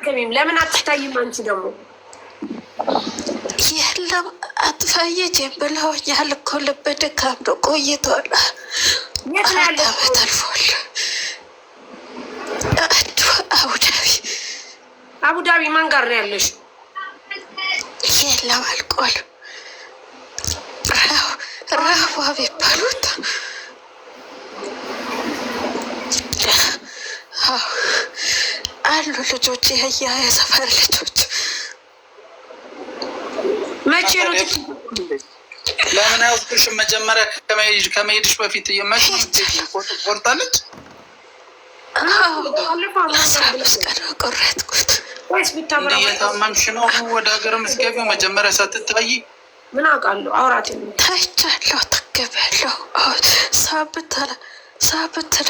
አትከሚም? ለምን አትታይም? አንቺ ደግሞ የለም አትታየችም ብለውኛል እኮ ልብ ድካም ነው ቆይቷል። አንድ አመት አልፏል። አንዱ አቡዳቢ አቡዳቢ ማን ጋር ነው ያለሽ? የለም አልቋል። ራዋ የሚባሉት አሉ ልጆች፣ የህያ የሰፈር ልጆች መቼ ነው ለምን አይወስድሽም? መጀመሪያ ከመሄድሽ በፊት መች ቆርጣለች። እየታመምሽ ነው ወደ ሀገር የምትገቢው መጀመሪያ ሳትታይ። ምን አውቃለሁ አውራት ታይቻለሁ። ተገቢያለሁ ሳብት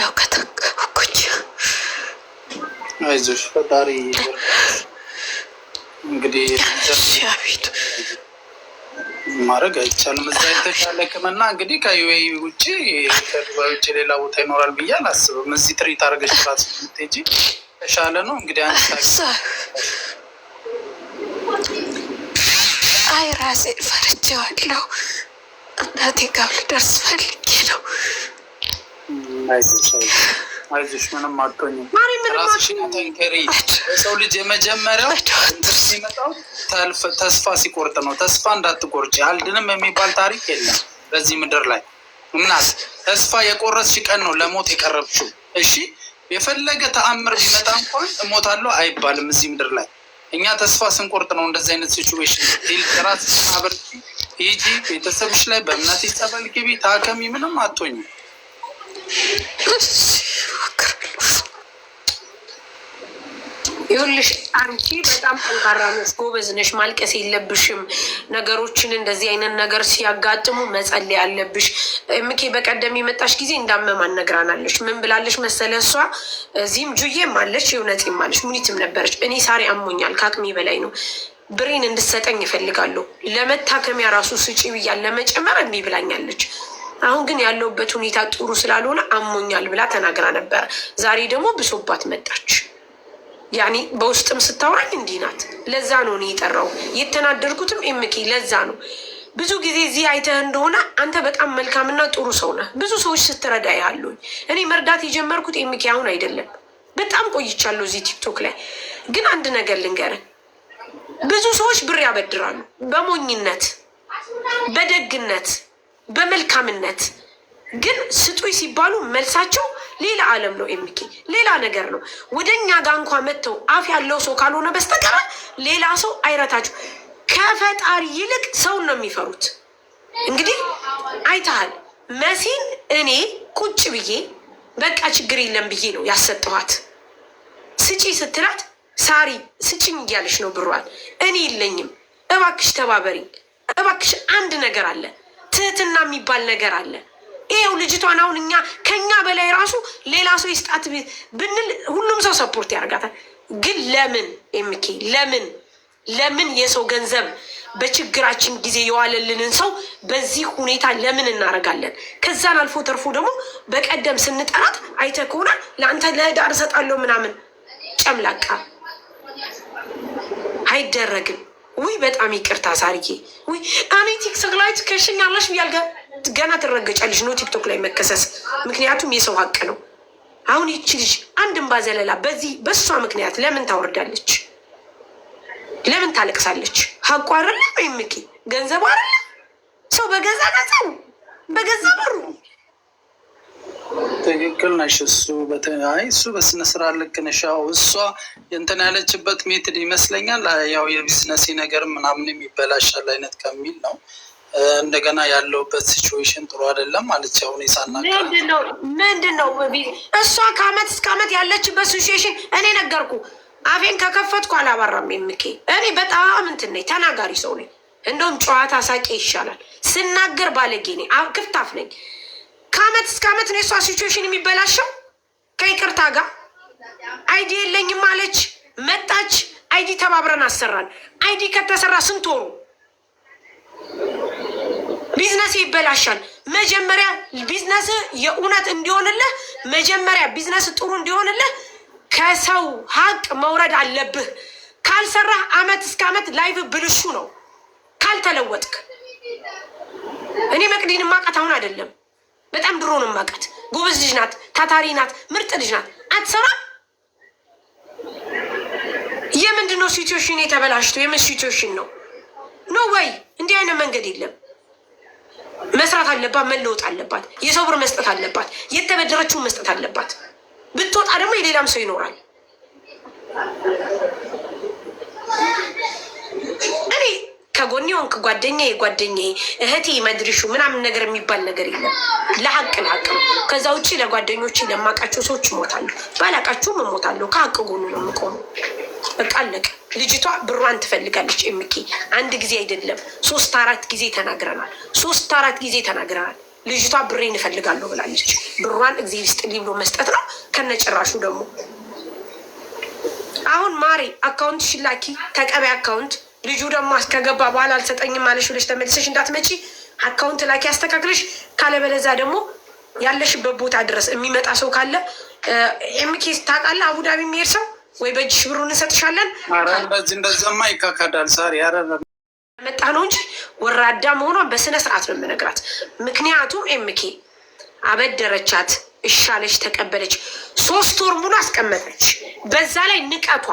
ነው ከተገቡ አይዞሽ ፈጣሪ እንግዲህ ማድረግ አይቻልም። እዛ የተሻለ ሕክምና እንግዲህ ከዩኤ ውጭ ከዱባይ ውጭ ሌላ ቦታ ይኖራል ብዬ አላስብም። እዚህ ትሪት አድርገሽ ራስ ቴጂ ተሻለ ነው እንግዲህ አንድ አይ ራሴን ፈርቼዋለሁ። እናቴ ጋር ልደርስ ፈልጌ ነው። አይዞሽ ምንም አትሆኝም። የሰው ልጅ የመጀመሪያው የሚመጣው ተስፋ ሲቆርጥ ነው። ተስፋ እንዳትቆርጭ አልድንም የሚባል ታሪክ የለም በዚህ ምድር ላይ ምናስ ተስፋ የቆረስሽ ቀን ነው ለሞት የቀረብችው። እሺ የፈለገ ተአምር ቢመጣ እንኳን እሞታለሁ አይባልም እዚህ ምድር ላይ። እኛ ተስፋ ስንቆርጥ ነው እንደዚህ አይነት ሲቹዌሽን ራስ አበር ሂጂ፣ ቤተሰብሽ ላይ በእምነት ይጸበል ግቢ፣ ታከሚ፣ ምንም አትሆኝም። ይኸውልሽ አንቺ በጣም ጠንካራ ነሽ፣ ጎበዝ ነሽ፣ ማልቀስ የለብሽም። ነገሮችን እንደዚህ አይነት ነገር ሲያጋጥሙ መጸለይ አለብሽ። ምኬ በቀደም የመጣሽ ጊዜ እንዳመማን ነግራናለች። ምን ብላለች መሰለ? እሷ እዚህም ጁዬም አለች፣ የእውነቴም አለች፣ ሙኒትም ነበረች። እኔ ሳሪ አሞኛል፣ ከአቅሜ በላይ ነው፣ ብሬን እንድሰጠኝ እፈልጋለሁ፣ ለመታከሚያ ራሱ ስጪ ብያል፣ ለመጨመር እምቢ ብላኛለች። አሁን ግን ያለውበት ሁኔታ ጥሩ ስላልሆነ አሞኛል ብላ ተናግራ ነበረ። ዛሬ ደግሞ ብሶባት መጣች። ያኔ በውስጥም ስታወራኝ እንዲህ ናት። ለዛ ነው እኔ የጠራው የተናደርኩትም ኤምኬ ለዛ ነው። ብዙ ጊዜ እዚህ አይተህ እንደሆነ አንተ በጣም መልካምና ጥሩ ሰው ነህ። ብዙ ሰዎች ስትረዳ ያሉኝ። እኔ መርዳት የጀመርኩት ኤምኬ አሁን አይደለም፣ በጣም ቆይቻለሁ እዚህ ቲክቶክ ላይ። ግን አንድ ነገር ልንገርህ፣ ብዙ ሰዎች ብር ያበድራሉ በሞኝነት በደግነት በመልካምነት ግን ስጡኝ ሲባሉ መልሳቸው ሌላ ዓለም ነው። ኤምኬ ሌላ ነገር ነው። ወደ እኛ ጋር እንኳ መጥተው አፍ ያለው ሰው ካልሆነ በስተቀር ሌላ ሰው አይረታችሁ። ከፈጣሪ ይልቅ ሰውን ነው የሚፈሩት። እንግዲህ አይተሃል መሲን እኔ ቁጭ ብዬ በቃ ችግር የለም ብዬ ነው ያሰጠኋት። ስጪ ስትላት ሳሪ ስጭኝ እያለች ነው ብሯል። እኔ የለኝም እባክሽ ተባበሪ እባክሽ አንድ ነገር አለ ትህትና የሚባል ነገር አለ። ይሄው ልጅቷን አሁን እኛ ከኛ በላይ ራሱ ሌላ ሰው ይስጣት ብንል ሁሉም ሰው ሰፖርት ያደርጋታል። ግን ለምን ኤምኬ ለምን ለምን የሰው ገንዘብ በችግራችን ጊዜ የዋለልንን ሰው በዚህ ሁኔታ ለምን እናደርጋለን? ከዛን አልፎ ተርፎ ደግሞ በቀደም ስንጠራት አይተ ከሆነ ለአንተ ለህዳር እሰጣለሁ ምናምን ጨምላቃ አይደረግም። ውይ በጣም ይቅርታ ሳርዬ። ውይ እኔ ቲክቶክ ላይ ትከሽኛለሽ ብያል ገና ትረገጫለሽ። ነው ቲክቶክ ላይ መከሰስ፣ ምክንያቱም የሰው ሀቅ ነው። አሁን ይቺ ልጅ አንድን ባዘለላ በዚህ በእሷ ምክንያት ለምን ታወርዳለች? ለምን ታለቅሳለች? ሀቁ አይደለ ወይም ገንዘቡ አይደለ ሰው በገዛ ገንዘቡ በገዛ በሩ ትክክል ነሽ። እሱ በተለይ እሱ በስነ ስራ ልክ ነሽ። ያው እሷ እንትን ያለችበት ሜትድ ይመስለኛል ያው የቢዝነሴ ነገር ምናምን የሚበላሻል አይነት ከሚል ነው። እንደገና ያለውበት ሲቹዌሽን ጥሩ አይደለም ማለት ያው እኔ ሳናግራት ምንድን ነው እሷ ከአመት እስከ አመት ያለችበት ሲቹዌሽን እኔ ነገርኩ። አፌን ከከፈትኩ አላባራም። የምኬ እኔ በጣም እንትን ነኝ፣ ተናጋሪ ሰው ነኝ። እንደውም ጨዋታ ሳቄ ይሻላል። ስናገር ባለጌ ነኝ፣ ክፍት አፍ ነኝ። ከአመት እስከ አመት ነው የእሷ ሲትዌሽን የሚበላሸው። ከይቅርታ ጋር አይዲ የለኝም አለች፣ መጣች። አይዲ ተባብረን አሰራን። አይዲ ከተሰራ ስንት ወሩ ቢዝነስ ይበላሻል። መጀመሪያ ቢዝነስ የእውነት እንዲሆንልህ መጀመሪያ ቢዝነስ ጥሩ እንዲሆንልህ ከሰው ሀቅ መውረድ አለብህ። ካልሰራህ አመት እስከ አመት ላይቭ ብልሹ ነው ካልተለወጥክ። እኔ መቅዲን ማቃት አሁን አይደለም በጣም ድሮ ነው የማውቃት። ጎበዝ ልጅ ናት፣ ታታሪ ናት፣ ምርጥ ልጅ ናት። አትሰራም። የምንድን ነው ሲትዌሽን የተበላሽቶ? የምን ሲትዌሽን ነው ኖ ወይ እንዲህ አይነት መንገድ የለም። መስራት አለባት፣ መለወጥ አለባት። የሰው ብር መስጠት አለባት፣ የተበደረችውን መስጠት አለባት። ብትወጣ ደግሞ የሌላም ሰው ይኖራል። እኔ ከጎኔ ሆንክ ጓደኛ ጓደኛ እህቴ መድሪሹ ምናምን ነገር የሚባል ነገር የለም። ለሀቅ ለሀቅ ነው። ከዛ ውጭ ለጓደኞች ለማውቃቸው ሰዎች እሞታለሁ፣ ባላውቃቸውም እሞታለሁ። ከሀቅ ጎኑ ነው የምቆመው። በቃ አለቀ። ልጅቷ ብሯን ትፈልጋለች። ኤምኬ አንድ ጊዜ አይደለም ሶስት አራት ጊዜ ተናግረናል። ሶስት አራት ጊዜ ተናግረናል። ልጅቷ ብሬን እፈልጋለሁ ብላለች። ብሯን እግዜር ይስጥልኝ ብሎ መስጠት ነው ከነጭራሹ ደግሞ አሁን ማሬ አካውንት ሽላኪ ተቀበይ አካውንት ልጁ ደግሞ አስከገባ በኋላ አልሰጠኝም አለሽ ብለሽ ተመልሰሽ እንዳትመጪ አካውንት ላኪ ያስተካክለሽ። ካለበለዛ ደግሞ ያለሽበት ቦታ ድረስ የሚመጣ ሰው ካለ ኤምኬስ ታውቃለህ፣ አቡዳቢ የሚሄድ ሰው ወይ በእጅሽ ብሩ እንሰጥሻለን። በዚህ እንደዚያማ ይካካዳል። ሳሪ መጣ ነው እንጂ ወራዳ መሆኗን በስነ ስርዓት ነው የምነግራት። ምክንያቱም ኤምኬ አበደረቻት፣ እሻለች፣ ተቀበለች። ሶስት ወር ሙሉ አስቀመጠች። በዛ ላይ ንቀቷ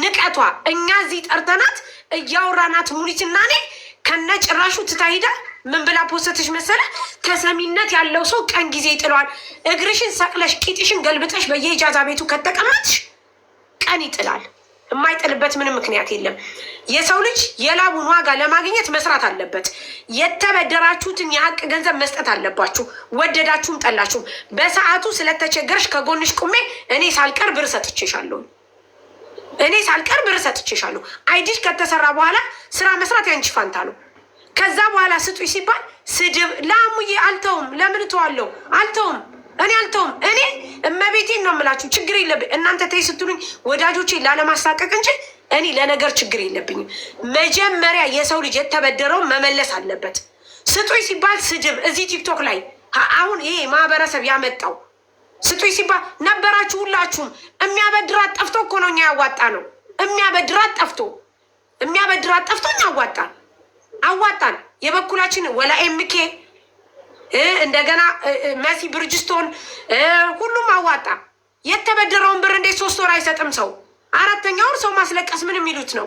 ንቀቷ እኛ እዚህ ጠርተናት እያወራናት ሙኒትና እኔ ከነ ጭራሹ ትታሂዳ ምን ብላ ፖስተሽ መሰለ ተሰሚነት ያለው ሰው ቀን ጊዜ ይጥለዋል። እግርሽን ሰቅለሽ ቂጥሽን ገልብጠሽ በየእጃዛ ቤቱ ከተቀመጥሽ ቀን ይጥላል። የማይጥልበት ምንም ምክንያት የለም። የሰው ልጅ የላቡን ዋጋ ለማግኘት መስራት አለበት። የተበደራችሁትን የሀቅ ገንዘብ መስጠት አለባችሁ። ወደዳችሁም ጠላችሁም፣ በሰዓቱ ስለተቸገረሽ ከጎንሽ ቁሜ እኔ ሳልቀር ብር ሰጥቼሻለሁ። እኔ ሳልቀር ብር ሰጥቼሻለሁ። አይዲሽ ከተሰራ በኋላ ስራ መስራት ያንቺ ፋንታ ነው። ከዛ በኋላ ስጡኝ ሲባል ስድብ ለአሙዬ አልተውም። ለምን እተዋለሁ? አልተውም። እኔ አልተውም። እኔ እመቤቴን ነው የምላችሁ። ችግር የለብኝ እናንተ ተይ ስትሉኝ ወዳጆቼ ላለማሳቀቅ እንጂ እኔ ለነገር ችግር የለብኝም። መጀመሪያ የሰው ልጅ የተበደረው መመለስ አለበት። ስጡኝ ሲባል ስድብ እዚህ ቲክቶክ ላይ አሁን ይሄ ማህበረሰብ ያመጣው ስጡኝ ሲባል ነበራችሁ ሁላችሁም። የሚያበድራት ጠፍቶ እኮ ነው እኛ ያዋጣ ነው። የሚያበድራት ጠፍቶ የሚያበድራት ጠፍቶ እኛ አዋጣን አዋጣን የበኩላችን ወላ ኤምኬ እንደገና መሲ ብርጅስቶን ሁሉም አዋጣ። የተበደረውን ብር እንዴት ሶስት ወር አይሰጥም ሰው? አራተኛውን ሰው ማስለቀስ ምን የሚሉት ነው?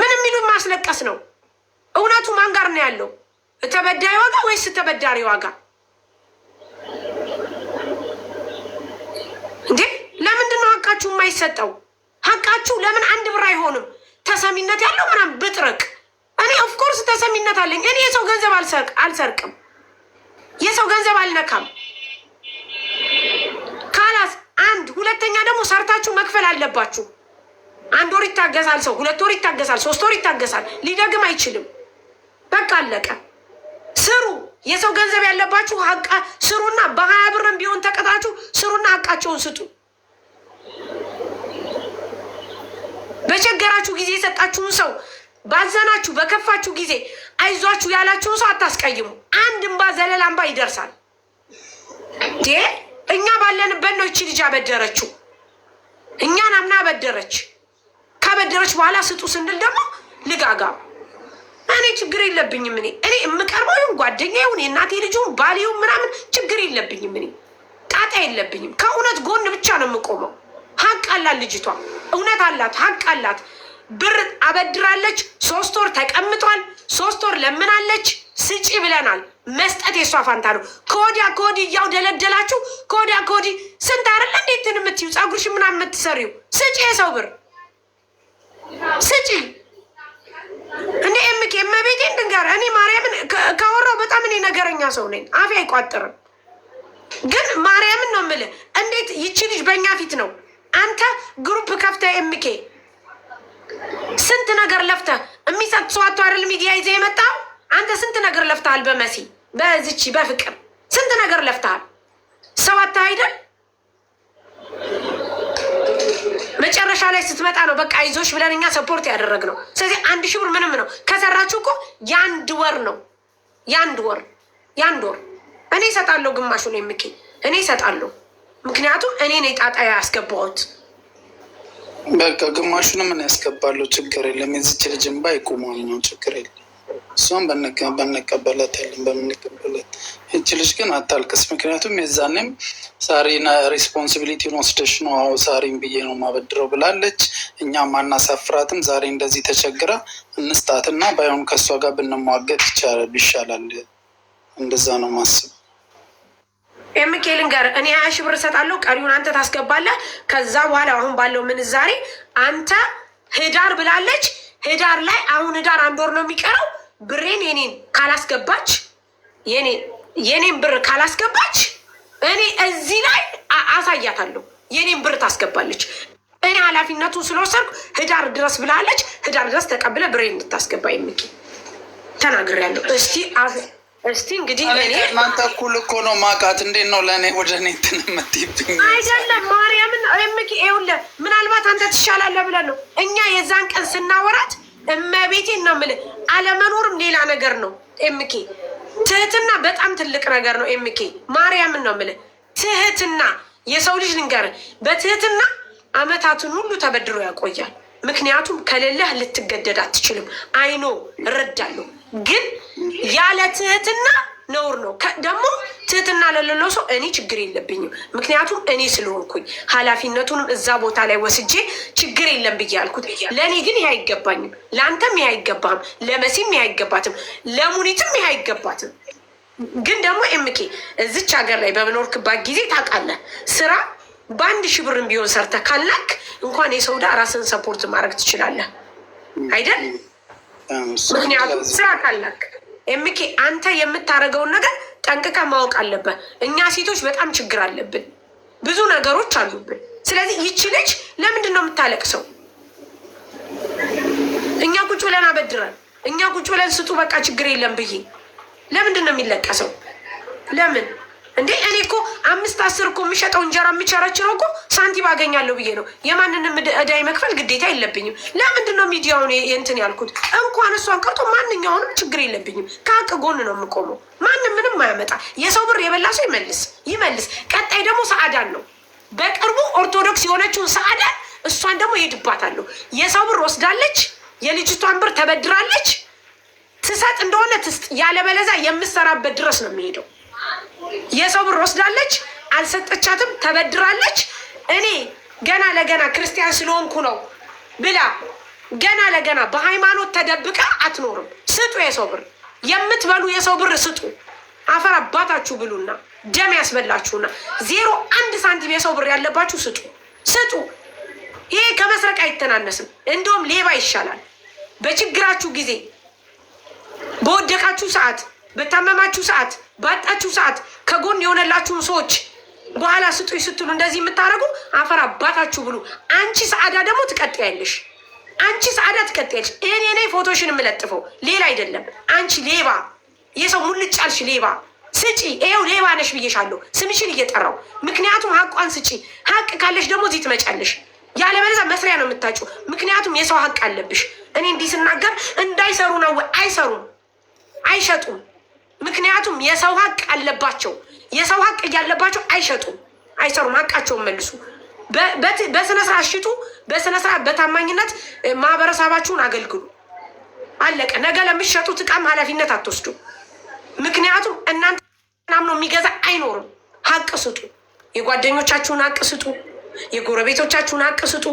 ምን የሚሉት ማስለቀስ ነው? እውነቱ ማን ጋር ነው ያለው? ተበዳይ ዋጋ ወይስ ተበዳሪ ዋጋ? ሰጠው ሀቃችሁ ለምን አንድ ብር አይሆንም? ተሰሚነት ያለው ምናምን ብጥርቅ እኔ ኦፍኮርስ ተሰሚነት አለኝ። እኔ የሰው ገንዘብ አልሰርቅም፣ የሰው ገንዘብ አልነካም። ካላስ አንድ ሁለተኛ ደግሞ ሰርታችሁ መክፈል አለባችሁ። አንድ ወር ይታገሳል ሰው፣ ሁለት ወር ይታገሳል፣ ሶስት ወር ይታገሳል። ሊደግም አይችልም። በቃ አለቀ። ስሩ። የሰው ገንዘብ ያለባችሁ ሀቃ ስሩና፣ በሀያ ብርም ቢሆን ተቀጣችሁ ስሩና ሀቃቸውን ስጡ። በቸገራችሁ ጊዜ የሰጣችሁን ሰው፣ ባዘናችሁ በከፋችሁ ጊዜ አይዟችሁ ያላችሁን ሰው አታስቀይሙ። አንድ እንባ ዘለላ እንባ ይደርሳል። እኛ ባለንበት ነው። እቺ ልጅ አበደረችው፣ እኛን አምና አበደረች። ካበደረች በኋላ ስጡ ስንል ደግሞ ልጋጋ እኔ ችግር የለብኝም። እኔ እኔ የምቀርበው ይሁን ጓደኛ ይሁን የእናቴ ልጅ ባልሁን ምናምን ችግር የለብኝም። እኔ ጣጣ የለብኝም። ከእውነት ጎን ብቻ ነው የምቆመው። ሀቅ አላት ልጅቷ። እውነት አላት፣ ሀቅ አላት። ብር አበድራለች። ሶስት ወር ተቀምጧል። ሶስት ወር ለምናለች። ስጪ ብለናል። መስጠት የእሷ ፋንታ ነው። ከወዲያ ከወዲህ እያው ደለደላችሁ። ከወዲያ ከወዲህ ስንት አይደለ እንዴትን የምትዩ ጸጉርሽ ምናምን የምትሰሪው ስጪ፣ የሰው ብር ስጪ። እኔ የምክ የመቤቴ ድንጋር እኔ ማርያምን ካወራው በጣም እኔ ነገረኛ ሰው ነኝ፣ አፌ አይቋጥርም። ግን ማርያምን ነው የምልህ። እንዴት ይቺ ልጅ በእኛ ፊት ነው አንተ ግሩፕ ከፍተ ኤምኬ ስንት ነገር ለፍተ የሚሰጥ ሰው አቶ አይደል ሚዲያ ይዘ የመጣው አንተ ስንት ነገር ለፍተሃል። በመሲ በዝቺ በፍቅር ስንት ነገር ለፍተሃል። ሰው አታ አይደል መጨረሻ ላይ ስትመጣ ነው በቃ ይዞች ብለን እኛ ሰፖርት ያደረግ ነው ስለዚህ አንድ ሺህ ብር ምንም ነው። ከሰራችሁ እኮ የአንድ ወር ነው የአንድ ወር የአንድ ወር እኔ እሰጣለሁ፣ ግማሹ ነው የምኬ እኔ እሰጣለሁ። ምክንያቱም እኔ ነኝ ጣጣ ያስገባሁት። በቃ ግማሹንም ምን ያስገባለሁ፣ ችግር የለም። የዚች ልጅ እንባ ይቁማል ነው፣ ችግር የለም። እሷም በንቀበለት ያለን በምንቀበለት። ይች ልጅ ግን አታልቅስ፣ ምክንያቱም የዛኔም ሳሪ ሬስፖንሲቢሊቲን ወስደሽ ነው አዎ ሳሪን ብዬ ነው ማበድረው ብላለች። እኛም አናሳፍራትም። ዛሬ እንደዚህ ተቸግራ እንስጣትና ባይሆን ከእሷ ጋር ብንሟገት ይቻላል፣ ይሻላል። እንደዛ ነው ማስብ ኤምኬልን ጋር እኔ ሀያ ሺህ ብር እሰጣለሁ፣ ቀሪውን አንተ ታስገባለህ። ከዛ በኋላ አሁን ባለው ምንዛሬ አንተ ህዳር ብላለች። ህዳር ላይ አሁን ህዳር አንድ ወር ነው የሚቀረው። ብሬን የኔን ካላስገባች የኔን ብር ካላስገባች እኔ እዚህ ላይ አሳያታለሁ። የኔን ብር ታስገባለች። እኔ ኃላፊነቱን ስለወሰድኩ ህዳር ድረስ ብላለች። ህዳር ድረስ ተቀብለ ብሬን እንድታስገባ የሚኬ ተናግሬያለሁ። እስቲ እስቲ እንግዲህ እናንተ እኩል እኮ ነው ማውቃት። እንዴት ነው ለእኔ ወደ እኔ እንትን የምትይብኝ? አይደለም ማርያምን እምኪ ይኸውልህ፣ ምናልባት አንተ ትሻላለህ ብለን ነው እኛ የዛን ቀን ስናወራት፣ እመቤቴን ነው የምልህ። አለመኖርም ሌላ ነገር ነው ኤምኬ። ትህትና በጣም ትልቅ ነገር ነው ኤምኬ። ማርያምን ነው የምልህ። ትህትና የሰው ልጅ ልንገርህ፣ በትህትና አመታቱን ሁሉ ተበድሮ ያቆያል። ምክንያቱም ከሌለህ ልትገደድ አትችልም። አይኖ እረዳለሁ ግን ያለ ትህትና ነውር ነው። ደግሞ ትህትና ለሌለው ሰው እኔ ችግር የለብኝም፣ ምክንያቱም እኔ ስለሆንኩኝ ኃላፊነቱንም እዛ ቦታ ላይ ወስጄ ችግር የለም ብዬ ያልኩት። ለእኔ ግን ይህ አይገባኝም፣ ለአንተም ይህ አይገባም፣ ለመሲም ይህ አይገባትም፣ ለሙኒትም ይህ አይገባትም። ግን ደግሞ ኤምኬ እዚች ሀገር ላይ በምኖርክባት ጊዜ ታውቃለህ ስራ በአንድ ሺህ ብርም ቢሆን ሰርተህ ካላክ እንኳን የሰውዳ ራስን ሰፖርት ማድረግ ትችላለህ አይደል? ምክንያቱም ስራ ካላክ የምኬ አንተ የምታደርገውን ነገር ጠንቅቀ ማወቅ አለበት። እኛ ሴቶች በጣም ችግር አለብን፣ ብዙ ነገሮች አሉብን። ስለዚህ ይቺ ልጅ ለምንድን ነው የምታለቅሰው? እኛ ቁጭ ብለን አበድረን፣ እኛ ቁጭ ብለን ስጡ በቃ ችግር የለም ብዬ ለምንድን ነው የሚለቀሰው? ለምን እንዴ እኔ እኮ አምስት አስር እኮ የሚሸጠው እንጀራ የምቸረችረው እኮ ሳንቲም አገኛለሁ ብዬ ነው። የማንንም እዳይ መክፈል ግዴታ የለብኝም። ለምንድን ነው ሚዲያውን እንትን ያልኩት? እንኳን እሷን ቀርቶ ማንኛውንም ችግር የለብኝም። ከሀቅ ጎን ነው የምቆመው። ማንም ምንም አያመጣ። የሰው ብር የበላ ሰው ይመልስ ይመልስ። ቀጣይ ደግሞ ሰዓዳን ነው በቅርቡ ኦርቶዶክስ የሆነችውን ሰአዳን እሷን ደግሞ ይሄድባታለሁ። የሰው ብር ወስዳለች፣ የልጅቷን ብር ተበድራለች። ትሰጥ እንደሆነ ትስጥ፣ ያለበለዛ የምሰራበት ድረስ ነው የሚሄደው። የሰው ብር ወስዳለች፣ አልሰጠቻትም፣ ተበድራለች። እኔ ገና ለገና ክርስቲያን ስለሆንኩ ነው ብላ ገና ለገና በሃይማኖት ተደብቃ አትኖርም። ስጡ፣ የሰው ብር የምትበሉ የሰው ብር ስጡ። አፈር አባታችሁ ብሉና ደም ያስበላችሁና ዜሮ አንድ ሳንቲም የሰው ብር ያለባችሁ ስጡ፣ ስጡ። ይሄ ከመስረቅ አይተናነስም፣ እንደውም ሌባ ይሻላል። በችግራችሁ ጊዜ በወደቃችሁ ሰዓት በታመማችሁ ሰዓት፣ ባጣችሁ ሰዓት ከጎን የሆነላችሁን ሰዎች በኋላ ስጡ ስትሉ እንደዚህ የምታደርጉ አፈር አባታችሁ ብሉ። አንቺ ሰዓዳ ደግሞ ትቀጥያለሽ። አንቺ ሰዓዳ ትቀጥያለሽ። እኔ ነኝ ፎቶሽን የምለጥፈው ሌላ አይደለም። አንቺ ሌባ፣ የሰው ሙልጭ አልሽ ሌባ ስጪ። ይኸው ሌባ ነሽ ብዬሻለሁ፣ ስምሽን እየጠራው ምክንያቱም ሀቋን ስጪ። ሀቅ ካለሽ ደግሞ እዚህ ትመጫለሽ። ያለበለዚያ መስሪያ ነው የምታጩ። ምክንያቱም የሰው ሀቅ አለብሽ። እኔ እንዲህ ስናገር እንዳይሰሩ ነው። አይሰሩም፣ አይሸጡም ምክንያቱም የሰው ሀቅ አለባቸው። የሰው ሀቅ እያለባቸው አይሸጡም፣ አይሰሩም። ሀቃቸውን መልሱ። በስነ ስርዓት ሽጡ። በስነ ስርዓት በታማኝነት ማህበረሰባችሁን አገልግሉ። አለቀ። ነገ ለምትሸጡት እቃም ኃላፊነት አትወስዱ። ምክንያቱም እናንተ ናም ነው የሚገዛ አይኖርም። ሀቅ ስጡ። የጓደኞቻችሁን ሀቅ ስጡ። የጎረቤቶቻችሁን ሀቅ ስጡ።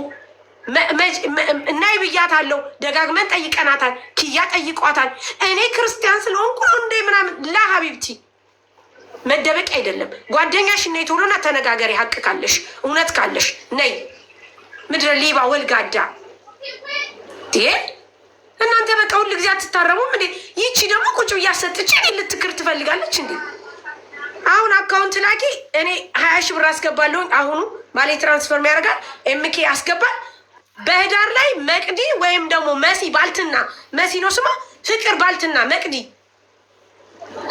እና ይብያታለሁ። ደጋግመን ጠይቀናታል። ኪያ ጠይቋታል። እኔ ክርስቲያን ስለሆንኩ እንደ ምናምን ላ ሀቢብቲ መደበቅ አይደለም። ጓደኛሽ እና የቶሎና ተነጋገሪ። ሀቅ ካለሽ እውነት ካለሽ ነይ። ምድረ ሌባ ወልጋዳ እናንተ በቃ ሁል ጊዜ አትታረሙም እንዴ? ይቺ ደግሞ ቁጭ እያሰጥች እኔ ልትክር ትፈልጋለች እንዴ? አሁን አካውንት ላኪ፣ እኔ ሀያ ሺህ ብር አስገባለሁኝ። አሁኑ ባሌ ትራንስፈር ያደርጋል። ኤምኬ አስገባል በህዳር ላይ መቅዲ ወይም ደግሞ መሲ ባልትና መሲ ነው ስማ ፍቅር ባልትና መቅዲ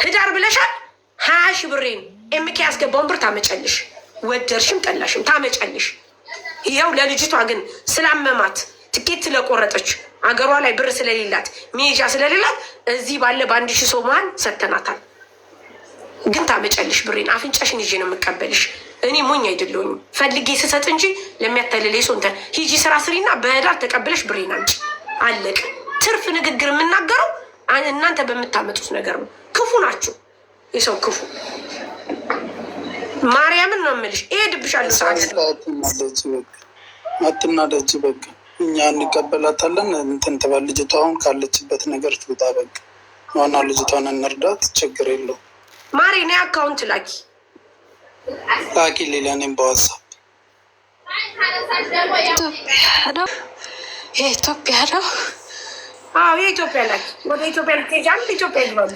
ህዳር ብለሻል። ሀያ ሺ ብሬን ኤምኬ ያስገባውን ብር ታመጨልሽ፣ ወደርሽም ጠላሽም ታመጨልሽ። ይኸው ለልጅቷ ግን ስላመማት ትኬት ስለቆረጠች አገሯ ላይ ብር ስለሌላት መሄጃ ስለሌላት እዚህ ባለ በአንድ ሺ ሰው መሀል ሰተናታል። ግን ታመጨልሽ ብሬን አፍንጫሽን ይዤ ነው የምቀበልሽ። እኔ ሞኝ አይደለሁም። ፈልጌ ስሰጥ እንጂ ለሚያታልል ሰው እንትን ሂጂ ስራ ስሪና በህዳር ተቀብለሽ ብሬን አንቺ አለቅ። ትርፍ ንግግር የምናገረው እናንተ በምታመጡት ነገር ነው። ክፉ ናችሁ፣ የሰው ክፉ ማርያምን ነው የምልሽ። እሄድብሻለሁ አትናደጅ። በቃ እኛ እንቀበላታለን። እንትን ትበል ልጅቷ አሁን ካለችበት ነገር ትውጣ። በቃ ዋና ልጅቷን እንርዳት፣ ችግር የለው። ማሬ ና አካውንት ላኪ ላኪ ሌላ እኔም በዋትሳፕ የኢትዮጵያ ነው። አዎ የኢትዮጵያ ላይ ወደ ኢትዮጵያ ልትሄጂ ኢትዮጵያ ይግባሉ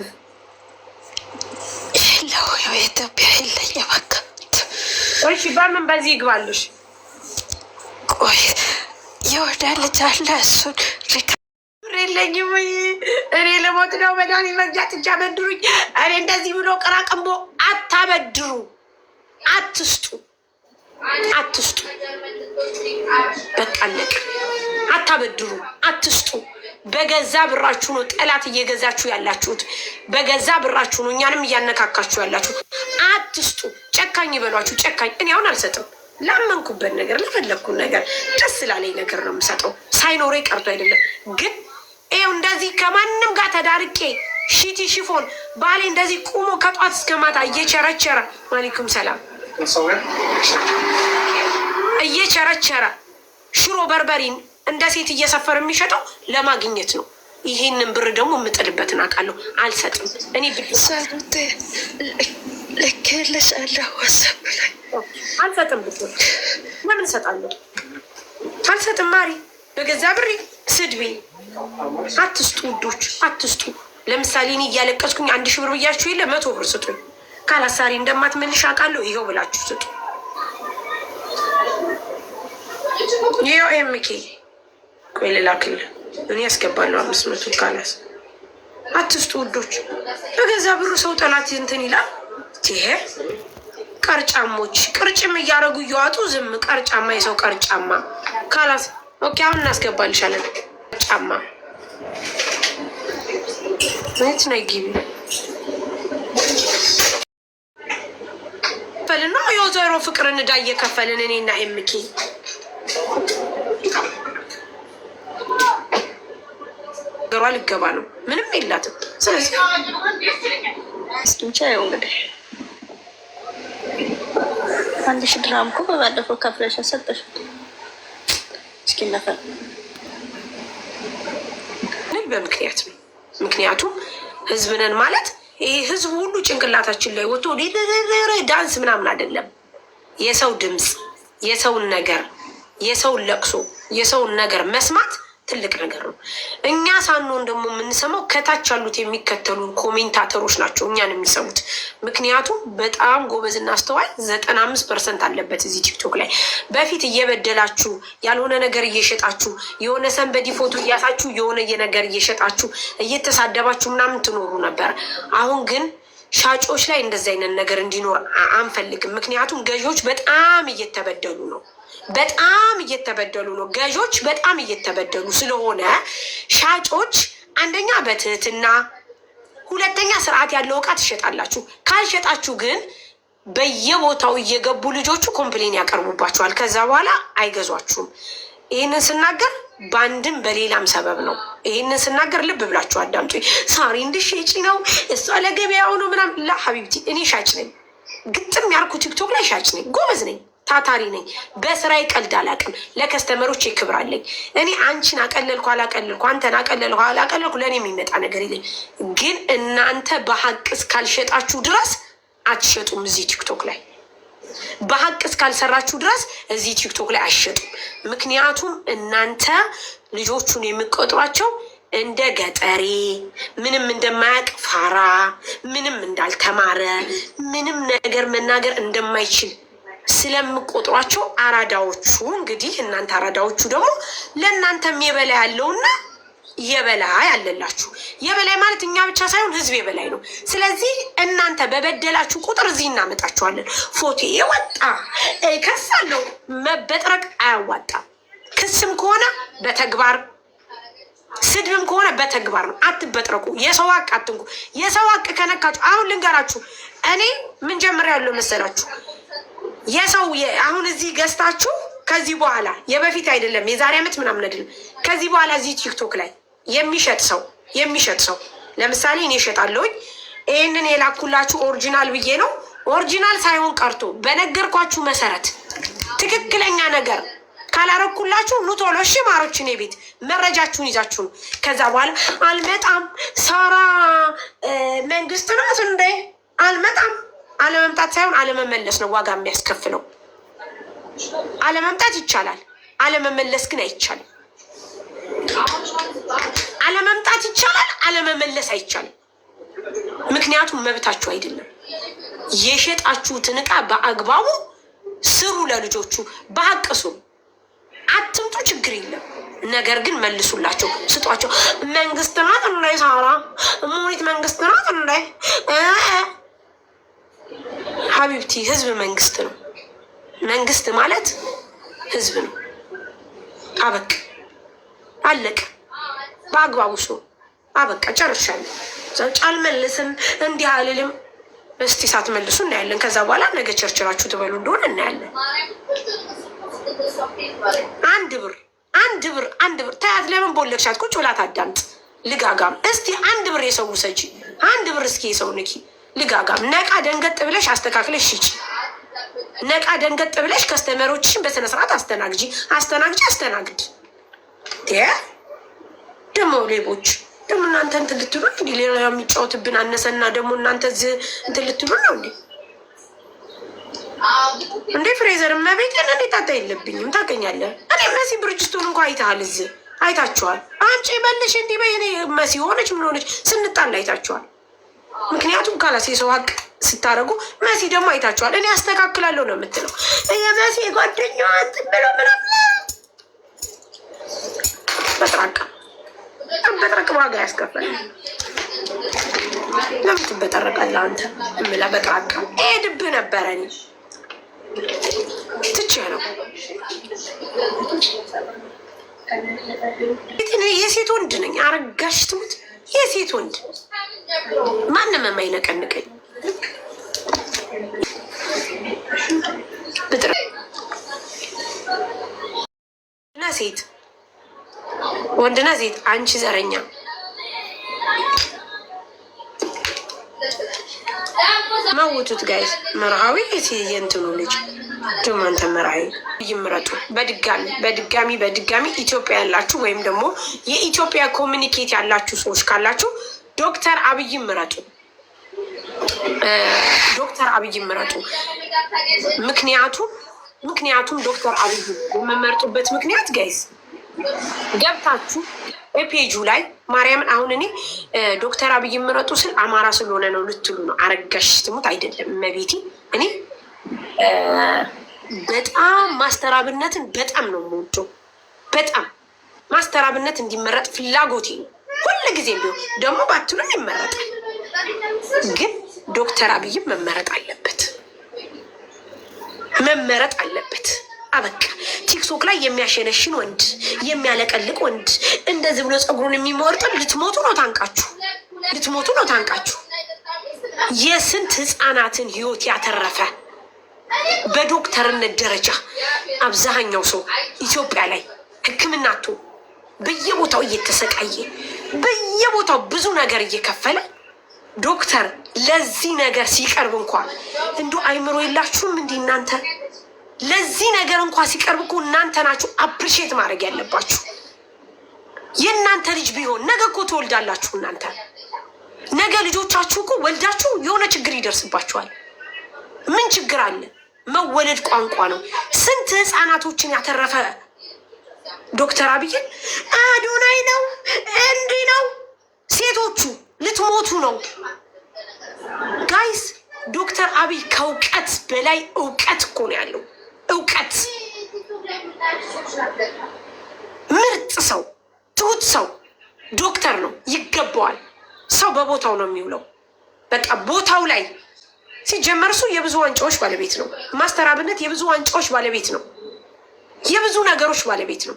የለው የኢትዮጵያ የለኝ በቃ እሺ፣ በምን በዚህ ይግባሉሽ? ቆይ የወዳ ልጅ አለ እሱን የለኝም እኔ ለሞት ነው መድኃኒት በድሩኝ። እኔ እንደዚህ ብሎ ቅራቅንቦ አታበድሩ አትስጡ፣ አትስጡ። በቃ አለቅ። አታበድሩ፣ አትስጡ። በገዛ ብራችሁ ነው ጠላት እየገዛችሁ ያላችሁት። በገዛ ብራችሁ ነው እኛንም እያነካካችሁ ያላችሁ። አትስጡ። ጨካኝ ይበሏችሁ፣ ጨካኝ። እኔ አሁን አልሰጥም። ላመንኩበት ነገር፣ ለፈለግኩት ነገር፣ ደስ ላለኝ ነገር ነው የምሰጠው። ሳይኖረ ቀርቶ አይደለም ግን ይኸው እንደዚህ ከማንም ጋር ተዳርቄ ሺቲ ሽፎን ባሌ እንደዚህ ቁሞ ከጧት እስከ ማታ እየቸረቸረ ማሊኩም ሰላም እየቸረቸረ ሽሮ በርበሬን እንደ ሴት እየሰፈር የሚሸጠው ለማግኘት ነው። ይሄንን ብር ደግሞ የምጥልበትን አውቃለሁ። አልሰጥም እኔ ብሳሉት ልኬልሻለሁ። ዋሳብ ላይ አልሰጥም ብ ለምን እሰጣለሁ? አልሰጥም። ማሪ በገዛ ብሬ ስድቤ አትስጡ፣ ውዶች አትስጡ። ለምሳሌ እኔ እያለቀስኩኝ አንድ ሺህ ብር ብያችሁ የለ መቶ ብር ስጡኝ። ካላሳሪ እንደማትመልሽ አውቃለሁ። ይኸው ብላችሁ ስጡ። ይኸው ኤምኬ ቆይ ልላክል እኔ ያስገባለሁ አምስት መቶ ካላስ አትስጡ ውዶች። በገዛ ብሩ ሰው ጠላት እንትን ይላል። ይሄ ቀርጫሞች ቅርጭም እያደረጉ እየዋጡ ዝም ቀርጫማ፣ የሰው ቀርጫማ ካላስ ኦኬ፣ አሁን እናስገባልሻለን። ቀርጫማ ነይ ነው? እየከፈልን ነው። የወይዘሮ ፍቅርን ዕዳ እየከፈልን እኔና ኤምኬ ገሯ ልገባ ነው። ምንም የላትም። ስለዚህ ብቻ እንግዲህ አንድ ሺህ ድራም እኮ በባለፈው ከፍለሽ ሰጠሽ። እስኪ ነፈር በምክንያት ነው። ምክንያቱም ህዝብ ነን ማለት ይህ ህዝብ ሁሉ ጭንቅላታችን ላይ ወጥቶ ዳንስ ምናምን አይደለም። የሰው ድምፅ፣ የሰውን ነገር፣ የሰውን ለቅሶ፣ የሰውን ነገር መስማት ትልቅ ነገር ነው። እኛ ሳንሆን ደግሞ የምንሰማው ከታች ያሉት የሚከተሉ ኮሜንታተሮች ናቸው እኛን የሚሰሙት። ምክንያቱም በጣም ጎበዝና አስተዋይ ዘጠና አምስት ፐርሰንት አለበት እዚህ ቲክቶክ ላይ በፊት እየበደላችሁ ያልሆነ ነገር እየሸጣችሁ የሆነ ሰንበዲ ፎቶ እያሳችሁ የሆነ የነገር እየሸጣችሁ እየተሳደባችሁ ምናምን ትኖሩ ነበር። አሁን ግን ሻጮች ላይ እንደዚ አይነት ነገር እንዲኖር አንፈልግም። ምክንያቱም ገዢዎች በጣም እየተበደሉ ነው። በጣም እየተበደሉ ነው። ገዦች በጣም እየተበደሉ ስለሆነ ሻጮች አንደኛ በትህትና ሁለተኛ ስርዓት ያለው እቃ ትሸጣላችሁ። ካልሸጣችሁ ግን በየቦታው እየገቡ ልጆቹ ኮምፕሌን ያቀርቡባችኋል። ከዛ በኋላ አይገዟችሁም። ይህንን ስናገር በአንድም በሌላም ሰበብ ነው። ይህንን ስናገር ልብ ብላችሁ አዳምጡ። ሳሪ እንድሸጪ ነው እሷ ለገበያው ነው ምናምን ላ ሀቢብቲ፣ እኔ ሻጭ ነኝ። ግጥም ያልኩ ቲክቶክ ላይ ሻጭ ነኝ፣ ጎበዝ ነኝ። ታታሪ ነኝ። በስራዬ ቀልድ አላቅም ለከስተመሮች ክብር አለኝ። እኔ አንቺን አቀለልኩ አላቀለልኩ፣ አንተን አቀለልኩ አላቀለልኩ፣ ለእኔ የሚመጣ ነገር የለኝ። ግን እናንተ በሀቅ እስካልሸጣችሁ ድረስ አትሸጡም። እዚህ ቲክቶክ ላይ በሀቅ እስካልሰራችሁ ድረስ እዚህ ቲክቶክ ላይ አይሸጡም። ምክንያቱም እናንተ ልጆቹን የሚቆጥሯቸው እንደ ገጠሬ ምንም እንደማያቅ ፋራ፣ ምንም እንዳልተማረ፣ ምንም ነገር መናገር እንደማይችል ስለምቆጥሯቸው አራዳዎቹ እንግዲህ እናንተ አራዳዎቹ ደግሞ ለእናንተም የበላይ ያለውና የበላይ አለላችሁ። የበላይ ማለት እኛ ብቻ ሳይሆን ህዝብ የበላይ ነው። ስለዚህ እናንተ በበደላችሁ ቁጥር እዚህ እናመጣችኋለን። ፎቶ የወጣ አለው መበጥረቅ አያዋጣም። ክስም ከሆነ በተግባር ስድብም ከሆነ በተግባር ነው። አትበጥረቁ። የሰው ሀቅ አትንኩ። የሰው ሀቅ ከነካችሁ አሁን ልንገራችሁ፣ እኔ ምን ጀምሬያለሁ መሰላችሁ የሰው አሁን እዚህ ገዝታችሁ ከዚህ በኋላ የበፊት አይደለም የዛሬ ዓመት ምናምን አይደለም። ከዚህ በኋላ እዚህ ቲክቶክ ላይ የሚሸጥ ሰው የሚሸጥ ሰው ለምሳሌ እኔ እሸጣለሁኝ። ይህንን የላኩላችሁ ኦሪጂናል ብዬ ነው። ኦሪጂናል ሳይሆን ቀርቶ በነገርኳችሁ መሰረት ትክክለኛ ነገር ካላረኩላችሁ ኑ ቶሎ እሺ ማሮች፣ እኔ ቤት መረጃችሁን ይዛችሁ ከዛ በኋላ አልመጣም። ሳራ መንግስት ናት እንዴ? አልመጣም አለመምጣት ሳይሆን አለመመለስ ነው ዋጋ የሚያስከፍለው። አለመምጣት ይቻላል፣ አለመመለስ ግን አይቻልም። አለመምጣት ይቻላል፣ አለመመለስ አይቻልም። ምክንያቱም መብታችሁ አይደለም። የሸጣችሁትን እቃ በአግባቡ ስሩ፣ ለልጆቹ በሀቅ አትምጡ፣ ችግር የለም። ነገር ግን መልሱላቸው፣ ስጧቸው። መንግስት ናት እንዳይ ሳራ ሙኒት መንግስት ናት እንዳይ ሀቢብቲ ህዝብ መንግስት ነው። መንግስት ማለት ህዝብ ነው። አበቅ አለቅ በአግባቡ ሰው አበቃ ጨርሻለሁ። አልመልስም እንዲህ አልልም። እስቲ ሳትመልሱ እናያለን። ከዛ በኋላ ነገ ቸርችራችሁ ትበሉ እንደሆነ እናያለን። አንድ ብር አንድ ብር አንድ ብር ታያት። ለምን በወለድሻት? ቁጭ ብላት አዳምጥ። ልጋጋም እስቲ አንድ ብር የሰው ውሰጂ። አንድ ብር እስኪ የሰው ንኪ ልጋጋም ነቃ ደንገጥ ብለሽ አስተካክለሽ ሽጪ። ነቃ ደንገጥ ብለሽ ከስተመሮችሽን በስነ ስርዓት አስተናግጂ አስተናግጂ አስተናግድ። ደግሞ ሌቦች ደግሞ እናንተ እንትን ልትሉ እንዲ ሌላ የሚጫወትብን አነሰና ደግሞ እናንተ እንትን ልትሉ ነው እንዴ? እንዴ ፍሬዘር መቤት ያን እንዴት ታታ የለብኝም ታገኛለህ። እኔ መሲ ብርጅስቶን እንኳ አይተሃል፣ እዚህ አይታችኋል። አንቺ መልሽ እንዲህ በይ እኔ መሲ ሆነች ምን ሆነች ስንጣል አይታችኋል። ምክንያቱም ካላስ የሰው ሀቅ ስታደርጉ መሲ ደግሞ አይታችኋል። እኔ አስተካክላለሁ ነው የምትለው። የመሲ ጓደኛዋ እንትን ብሎ በጥራቅ በጥራቅ ዋጋ ያስከፈል ለምን ትበጠረቃለህ አንተ? ምላ በጥራቅ እሄድብህ ነበረ እኔ ትቼ ነው የሴት ወንድ ነኝ። አረጋሽ ትሙት የሴት ወንድ ማንም የማይነቀንቀኝ ወንድና ሴት ወንድና ሴት አንቺ ዘረኛ መውቱት ጋይስ መርሃዊ የእንትኑ ልጅ ደግሞ አንተ መርሃዊ ይምረጡ። በድጋሚ በድጋሚ በድጋሚ ኢትዮጵያ ያላችሁ ወይም ደግሞ የኢትዮጵያ ኮሚኒኬት ያላችሁ ሰዎች ካላችሁ ዶክተር አብይ ምረጡ፣ ዶክተር አብይ ምረጡ። ምክንያቱም ምክንያቱም ዶክተር አብይ የምመርጡበት ምክንያት ጋይስ ገብታችሁ ፔጁ ላይ ማርያምን አሁን እኔ ዶክተር አብይ ምረጡ ስል አማራ ስለሆነ ነው ልትሉ ነው። አረጋሽ ትሙት አይደለም መቤቴ። እኔ በጣም ማስተራብነትን በጣም ነው የምወደው። በጣም ማስተራብነት እንዲመረጥ ፍላጎቴ ነው። ሁሉ ጊዜ ቢሆን ደግሞ ባትሉን ይመረጣል፣ ግን ዶክተር አብይም መመረጥ አለበት መመረጥ አለበት። አበቃ። ቲክቶክ ላይ የሚያሸነሽን ወንድ የሚያለቀልቅ ወንድ እንደዚህ ብሎ ፀጉሩን የሚመወርጥን ልትሞቱ ነው ታንቃችሁ፣ ልትሞቱ ነው ታንቃችሁ። የስንት ህፃናትን ህይወት ያተረፈ በዶክተርነት ደረጃ አብዛኛው ሰው ኢትዮጵያ ላይ ሕክምናቱ በየቦታው እየተሰቃየ በየቦታው ብዙ ነገር እየከፈለ ዶክተር ለዚህ ነገር ሲቀርብ እንኳ እንዲ አይምሮ የላችሁም? እንዲ እናንተ ለዚህ ነገር እንኳ ሲቀርብ እኮ እናንተ ናችሁ አፕሪሼት ማድረግ ያለባችሁ። የእናንተ ልጅ ቢሆን ነገ እኮ ትወልዳላችሁ። እናንተ ነገ ልጆቻችሁ እኮ ወልዳችሁ የሆነ ችግር ይደርስባችኋል። ምን ችግር አለ? መወለድ ቋንቋ ነው። ስንት ህፃናቶችን ያተረፈ ዶክተር አብይን አዶናይ ነው እንዲህ ነው፣ ሴቶቹ ልትሞቱ ነው። ጋይስ ዶክተር አብይ ከእውቀት በላይ እውቀት እኮ ነው ያለው። እውቀት ምርጥ ሰው፣ ትሁት ሰው፣ ዶክተር ነው ይገባዋል። ሰው በቦታው ነው የሚውለው። በቃ ቦታው ላይ ሲጀመር እሱ የብዙ ዋንጫዎች ባለቤት ነው። ማስተር አብነት የብዙ ዋንጫዎች ባለቤት ነው። የብዙ ነገሮች ባለቤት ነው።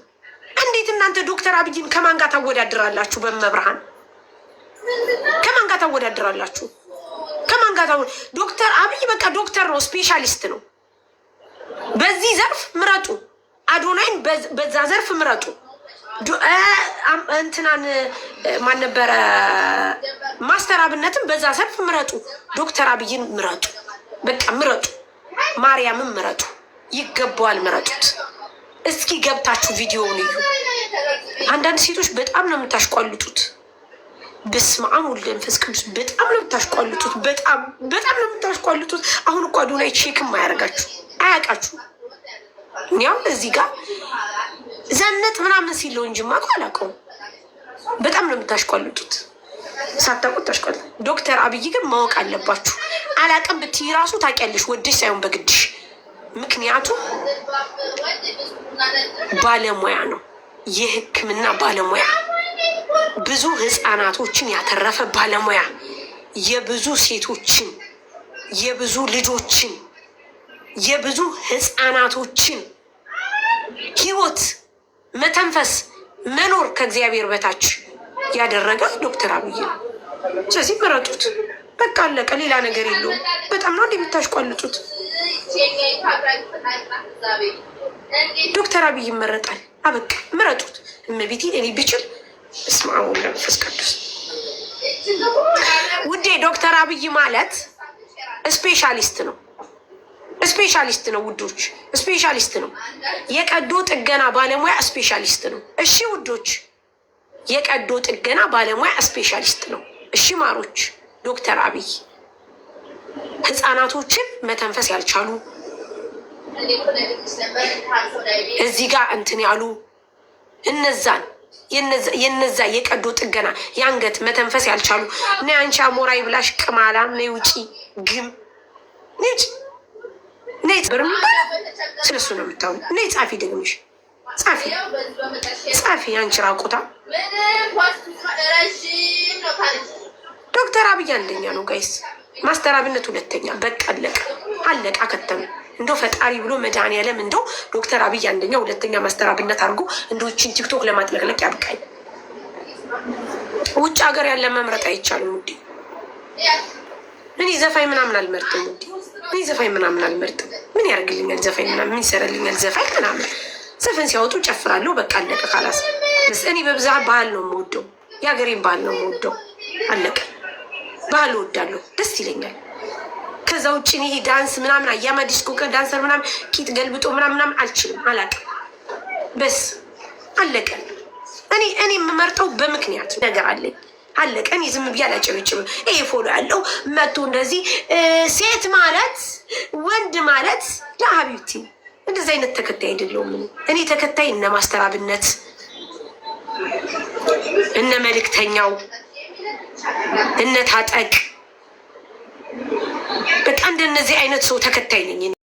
እንዴት እናንተ ዶክተር አብይን ከማን ጋር ታወዳድራላችሁ? በመብርሃን ከማን ጋር ታወዳድራላችሁ? ከማን ጋር ዶክተር አብይ በቃ ዶክተር ነው፣ ስፔሻሊስት ነው። በዚህ ዘርፍ ምረጡ፣ አዶናይን በዛ ዘርፍ ምረጡ። እንትናን ማን ነበረ ማስተር አብነትም በዛ ዘርፍ ምረጡ። ዶክተር አብይን ምረጡ፣ በቃ ምረጡ። ማርያምን ምረጡ፣ ይገባዋል፣ ምረጡት። እስኪ ገብታችሁ ቪዲዮውን እዩ። አንዳንድ ሴቶች በጣም ነው የምታሽቋልጡት። በስመ አብ ወወልድ ወመንፈስ ቅዱስ በጣም ነው የምታሽቋልጡት። በጣም በጣም ነው የምታሽቋልጡት። አሁን እኮ አዶናይ ቼክም አያደርጋችሁ አያውቃችሁ። እኒያም እዚህ ጋር ዘነት ምናምን ሲለው እንጂ ማ አላውቀውም። በጣም ነው የምታሽቋልጡት። ሳታውቁት ታሽቋል። ዶክተር አብይ ግን ማወቅ አለባችሁ። አላውቅም ብትይ ራሱ ታውቂያለሽ፣ ወደሽ ሳይሆን በግድሽ ምክንያቱም ባለሙያ ነው፣ የህክምና ባለሙያ ብዙ ህፃናቶችን ያተረፈ ባለሙያ የብዙ ሴቶችን የብዙ ልጆችን የብዙ ህፃናቶችን ህይወት መተንፈስ መኖር ከእግዚአብሔር በታች ያደረገ ዶክተር አብይ ነው። ስለዚህ ምረጡት። በቃ አለቀ። ሌላ ነገር የለውም። በጣም ነው እንደምታሽቋልጡት። ዶክተር አብይ ይመረጣል። አበቃ ምረጡት። እመቤቴ እኔ ብችል እስማ ለመንፈስ ቅዱስ ውዴ፣ ዶክተር አብይ ማለት ስፔሻሊስት ነው። ስፔሻሊስት ነው ውዶች፣ ስፔሻሊስት ነው። የቀዶ ጥገና ባለሙያ ስፔሻሊስት ነው። እሺ ውዶች፣ የቀዶ ጥገና ባለሙያ ስፔሻሊስት ነው። እሺ ማሮች፣ ዶክተር አብይ ህፃናቶችን መተንፈስ ያልቻሉ እዚህ ጋር እንትን ያሉ እነዛን የነዛ የቀዶ ጥገና የአንገት መተንፈስ ያልቻሉ እና አንቺ አሞራይ ብላሽ ቅማላ ነይ ውጪ ግም ነጭ ነይ ብርም ስለሱ ነው የምታውሉ። ነይ ጻፊ ደግምሽ ጻፊ ጻፊ አንቺ ራቁታ ዶክተር አብይ አንደኛ ነው ጋይስ ማስተራብነት ሁለተኛ በቃ አለቀ አለቀ አከተመ። እንዶ ፈጣሪ ብሎ መድኃኒዓለም እንዶ ዶክተር አብይ አንደኛ ሁለተኛ ማስተራብነት አድርጎ እንደ ይህችን ቲክቶክ ለማጥለቅለቅ ያብቃኝ። ውጭ ሀገር ያለ መምረጥ አይቻልም ውዴ። እኔ ዘፋኝ ምናምን አልመርጥም ውዴ። እኔ ዘፋኝ ምናምን አልመርጥም። ምን ያደርግልኛል ዘፋኝ ምናምን? ምን ይሰራልኛል ዘፋኝ ምናምን? ዘፈን ሲያወጡ ጨፍራለሁ። በቃ አለቀ ካላስ። እኔ በብዛት ባህል ነው የምወደው፣ የሀገሬን ባህል ነው የምወደው። አለቀ ባል ወዳለሁ ደስ ይለኛል። ከዛ ውጭ ይሄ ዳንስ ምናምን አያማ ዲስኮ ዳንሰር ምናምን ኪት ገልብጦ ምናምን አልችልም፣ አላቅም። በስ አለቀ። እኔ እኔ የምመርጠው በምክንያት ነገር አለኝ። አለቀ። እኔ ዝም ብዬ አላጨበጭብም። ይሄ ፎሎ ያለው መቶ እንደዚህ ሴት ማለት ወንድ ማለት ለሀቢብቲ እንደዚህ አይነት ተከታይ አይደለሁም። እኔ ተከታይ እነ ማስተራብነት እነ መልእክተኛው እነታጠቅ በጣም እንደነዚህ አይነት ሰው ተከታይ ነኝ።